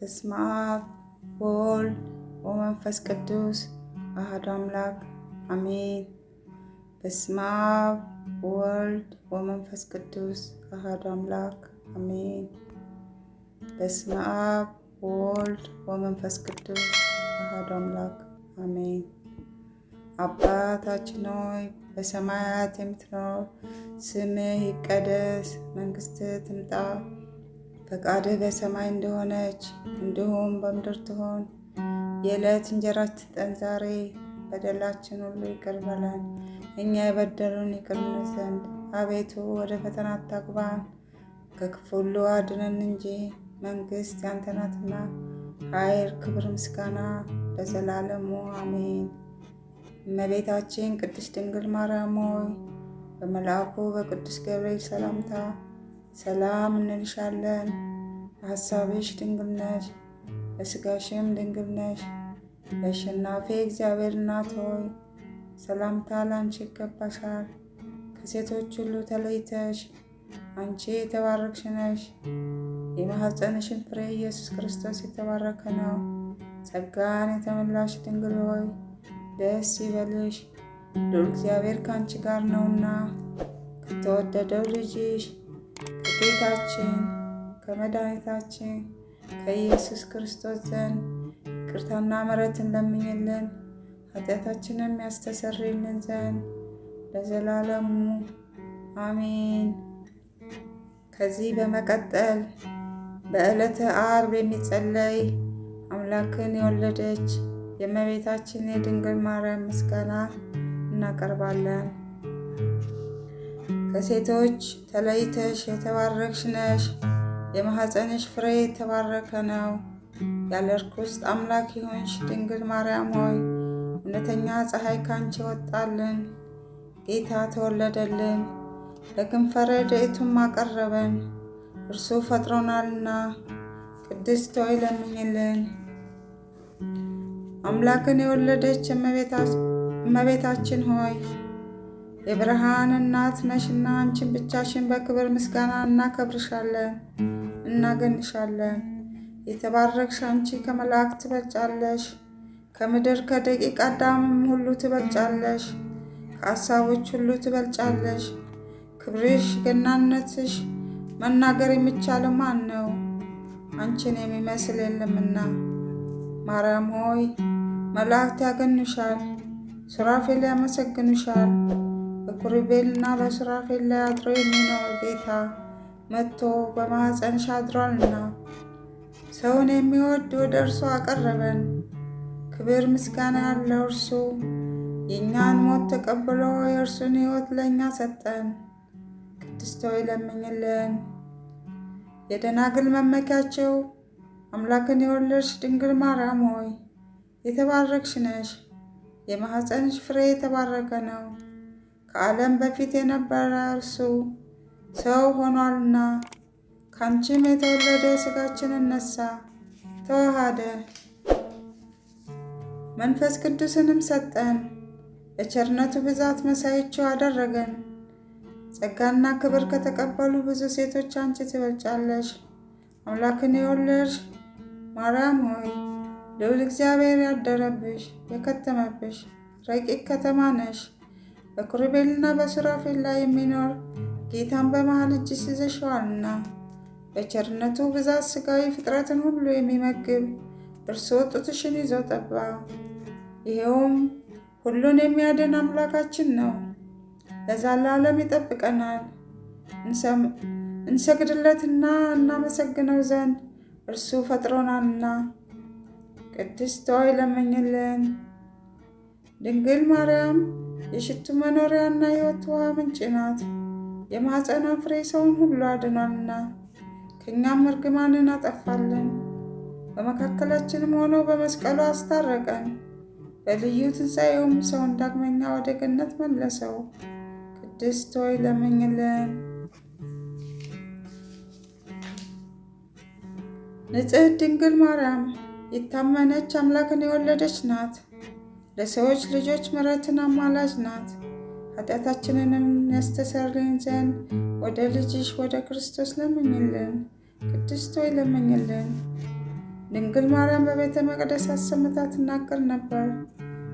በስመ አብ ወወልድ ወመንፈስ ቅዱስ አሐዱ አምላክ አሜን። በስመ አብ ወወልድ ወመንፈስ ቅዱስ አሐዱ አምላክ አሜን። በስመ አብ ወወልድ ወመንፈስ ቅዱስ አሐዱ አምላክ አሜን። አባታችን ሆይ በሰማያት የምትኖር ስምህ ይቀደስ፣ መንግስትህ ትምጣ ፈቃድህ በሰማይ እንደሆነች እንዲሁም በምድር ትሆን። የዕለት እንጀራች ስጠን ዛሬ፣ በደላችን ሁሉ ይቅር በለን እኛ የበደሉን ይቅር ዘንድ፣ አቤቱ ወደ ፈተና አታግባን ከክፉ ሁሉ አድነን እንጂ መንግሥት ያንተ ናትና፣ ኃይል፣ ክብር፣ ምስጋና ለዘላለሙ አሜን። እመቤታችን ቅድስት ድንግል ማርያም ሆይ በመልአኩ በቅዱስ ገብርኤል ሰላምታ ሰላም እንልሻለን። በሐሳብሽ ድንግል ነሽ፣ በሥጋሽም ድንግል ነሽ። የአሸናፊ እግዚአብሔር እናት ሆይ ሰላምታ ላንቺ ይገባሻል። ከሴቶች ሁሉ ተለይተሽ አንቺ የተባረክሽ ነሽ። የማኅፀንሽን ፍሬ ኢየሱስ ክርስቶስ የተባረከ ነው። ጸጋን የተመላሽ ድንግል ሆይ ደስ ይበልሽ፣ ዱር እግዚአብሔር ከአንቺ ጋር ነውና ከተወደደው ልጅሽ ከጌታችን ከመድኃኒታችን ከኢየሱስ ክርስቶስ ዘንድ ይቅርታና ምሕረትን ለምኝልን ኃጢአታችንም ያስተሰርይልን ዘንድ ለዘላለሙ አሜን። ከዚህ በመቀጠል በዕለተ ዓርብ የሚጸለይ አምላክን የወለደች የእመቤታችን የድንግል ማርያም ምስጋና እናቀርባለን። ከሴቶች ተለይተሽ የተባረክሽ ነሽ፣ የማኅፀንሽ ፍሬ የተባረከ ነው። ያለ ርኩስ አምላክ ይሆንሽ ድንግል ማርያም ሆይ እውነተኛ ፀሐይ ካንቺ ወጣልን፣ ጌታ ተወለደልን፣ ለክንፈረ ረድኤቱም አቀረበን። እርሱ ፈጥሮናልና ቅድስት ሆይ ለምኝልን። አምላክን የወለደች እመቤታችን ሆይ የብርሃን እናት ነሽና አንቺን ብቻሽን በክብር ምስጋና እናከብርሻለን፣ እናገንሻለን። የተባረክሽ አንቺ ከመላእክት ትበልጫለሽ፣ ከምድር ከደቂቅ አዳምም ሁሉ ትበልጫለሽ፣ ከሀሳቦች ሁሉ ትበልጫለሽ። ክብርሽ ገናነትሽ መናገር የሚቻል ማን ነው? አንቺን የሚመስል የለምና። ማርያም ሆይ መላእክት ያገኑሻል፣ ሱራፌል ያመሰግኑሻል። ለኪሩቤልና ለሱራፌል ላይ አድሮ የሚኖር ጌታ መጥቶ በማኅፀንሽ አድሯልና ሰውን የሚወድ ወደ እርሱ አቀረበን። ክብር ምስጋና ያለው እርሱ የእኛን ሞት ተቀብሎ የእርሱን ሕይወት ለእኛ ሰጠን። ቅድስት ሆይ ለምኝልን። የደናግል መመኪያቸው አምላክን የወለድሽ ድንግል ማርያም ሆይ የተባረክሽ ነሽ፣ የማኅፀንሽ ፍሬ የተባረከ ነው። ከዓለም በፊት የነበረ እርሱ ሰው ሆኗልና ከአንቺም የተወለደ ስጋችን እነሳ ተዋሃደ፣ መንፈስ ቅዱስንም ሰጠን። የቸርነቱ ብዛት መሳይቹ አደረገን። ጸጋና ክብር ከተቀበሉ ብዙ ሴቶች አንቺ ትበልጫለሽ። አምላክን የወለድሽ ማርያም ሆይ ልዑል እግዚአብሔር ያደረብሽ የከተመብሽ ረቂቅ ከተማ ነሽ። በኪሩቤልና በሱራፌል ላይ የሚኖር ጌታን በመሃል እጅ ይዘሽዋልና። በቸርነቱ ብዛት ስጋዊ ፍጥረትን ሁሉ የሚመግብ እርሱ ጡትሽን ይዞ ጠባ። ይኸውም ሁሉን የሚያድን አምላካችን ነው። ለዘላለም ይጠብቀናል። እንሰግድለትና እናመሰግነው ዘንድ እርሱ ፈጥሮናልና። ቅድስት ሆይ ለምኝልን። ድንግል ማርያም የሽቱ መኖሪያና የሕይወት ውሃ ምንጭ ናት። የማኅፀኗ ፍሬ ሰውን ሁሉ አድኗልና ከእኛም እርግማንን አጠፋልን። በመካከላችንም ሆኖ በመስቀሉ አስታረቀን። በልዩ ትንሣኤውም ሰውን ዳግመኛ ወደ ገነት መለሰው። ቅድስት ሆይ ለምኝልን። ንጽሕት ድንግል ማርያም የታመነች አምላክን የወለደች ናት። ለሰዎች ልጆች ምሕረትን አማላጅ ናት። ኃጢአታችንንም ያስተሰርይልን ዘንድ ወደ ልጅሽ ወደ ክርስቶስ ለምኝልን። ቅድስት ሆይ ለምኝልን። ድንግል ማርያም በቤተ መቅደስ አሰምታ ትናገር ነበር።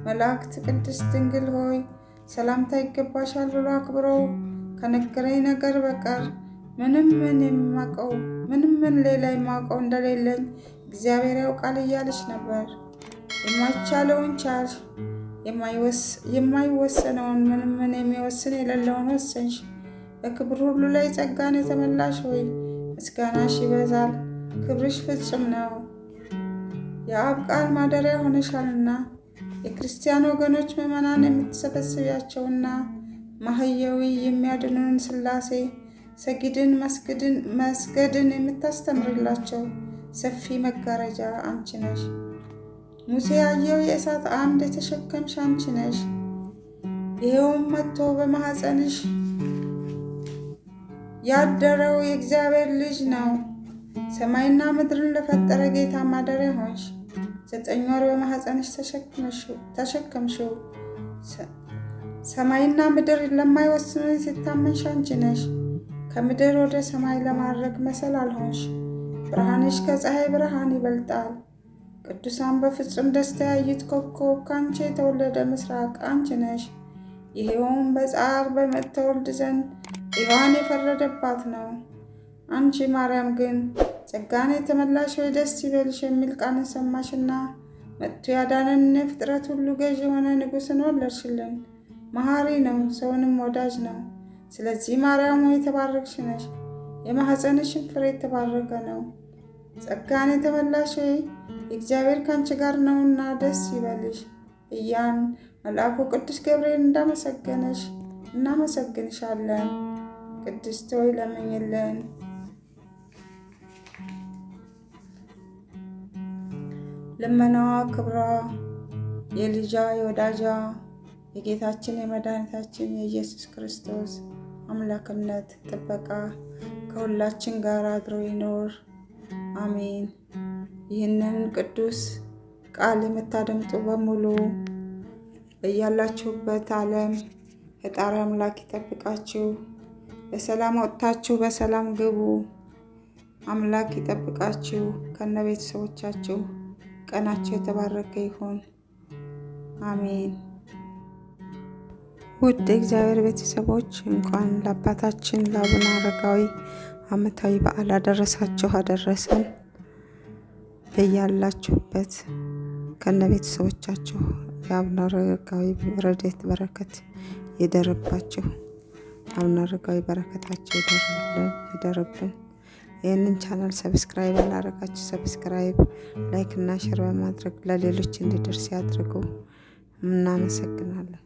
መላእክት ቅድስት ድንግል ሆይ ሰላምታ ይገባሻል ብሎ አክብሮ ከነገረኝ ነገር በቀር ምንም ምን የማውቀው ምንም ምን ሌላ የማውቀው እንደሌለኝ እግዚአብሔር ያውቃል እያለች ነበር። የማይቻለውን ቻል፣ የማይወሰነውን ምን የሚወስን የሌለውን ወሰንሽ። በክብር ሁሉ ላይ ጸጋን የተመላሽ ሆይ ምስጋናሽ ይበዛል፣ ክብርሽ ፍጹም ነው። የአብ ቃል ማደሪያ ሆነሻልና የክርስቲያን ወገኖች ምዕመናን የምትሰበስቢያቸውና ማህየዊ የሚያድኑን ስላሴ ሰጊድን መስገድን የምታስተምርላቸው ሰፊ መጋረጃ አንቺ ነሽ። ሙሴ ያየው የእሳት አምድ የተሸከምሽ አንቺ ነሽ። ይኸውም መጥቶ በማኅፀንሽ ያደረው የእግዚአብሔር ልጅ ነው። ሰማይና ምድርን ለፈጠረ ጌታ ማደሪያ ሆንሽ። ዘጠኝ ወር በማኅፀንሽ ተሸከምሽው። ሰማይና ምድር ለማይወስኑ ሲታመንሽ አንቺ ነሽ። ከምድር ወደ ሰማይ ለማድረግ መሰል አልሆንሽ። ብርሃንሽ ከፀሐይ ብርሃን ይበልጣል። ቅዱሳን በፍጹም ደስታ ያዩት ኮከብ ካንቺ የተወለደ ምስራቅ አንቺ ነሽ። ይሄውም በጻር በምትወልድ ዘንድ ሔዋን የፈረደባት ነው። አንቺ ማርያም ግን ጸጋን የተመላሽ ወይ ደስ ይበልሽ የሚል ቃልን ሰማሽና መጥቶ ያዳነን የፍጥረት ሁሉ ገዥ የሆነ ንጉሥን ወለድሽልን። መሐሪ ነው፣ ሰውንም ወዳጅ ነው። ስለዚህ ማርያም ሆይ የተባረክሽ ነሽ፣ የማኅፀንሽን ፍሬ የተባረከ ነው። ጸጋን የተመላሽ እግዚአብሔር ከአንቺ ጋር ነውና ደስ ይበልሽ እያን መልአኩ ቅዱስ ገብርኤል እንዳመሰገነሽ እናመሰግንሻለን። ቅድስት ሆይ ለምኝልን። ልመናዋ ክብራ፣ የልጃ፣ የወዳጃ የጌታችን የመድኃኒታችን የኢየሱስ ክርስቶስ አምላክነት ጥበቃ ከሁላችን ጋር አድሮ ይኖር። አሜን። ይህንን ቅዱስ ቃል የምታደምጡ በሙሉ እያላችሁበት ዓለም ፈጣሪ አምላክ ይጠብቃችሁ። በሰላም ወጥታችሁ በሰላም ግቡ። አምላክ ይጠብቃችሁ ከነ ቤተሰቦቻችሁ። ቀናቸው የተባረከ ይሁን። አሜን። ውድ እግዚአብሔር ቤተሰቦች እንኳን ለአባታችን ለአቡነ አረጋዊ ዓመታዊ በዓል አደረሳችሁ አደረሰን። በያላችሁበት ከነ ቤተሰቦቻችሁ የአቡነ አረጋዊ ረድኤት በረከት ይደርባችሁ። አቡነ አረጋዊ በረከታቸው ይደርብን። ይህንን ቻናል ሰብስክራይብ ያላረጋችሁ ሰብስክራይብ፣ ላይክ እና ሼር በማድረግ ለሌሎች እንዲደርስ ያድርጉ። እናመሰግናለን።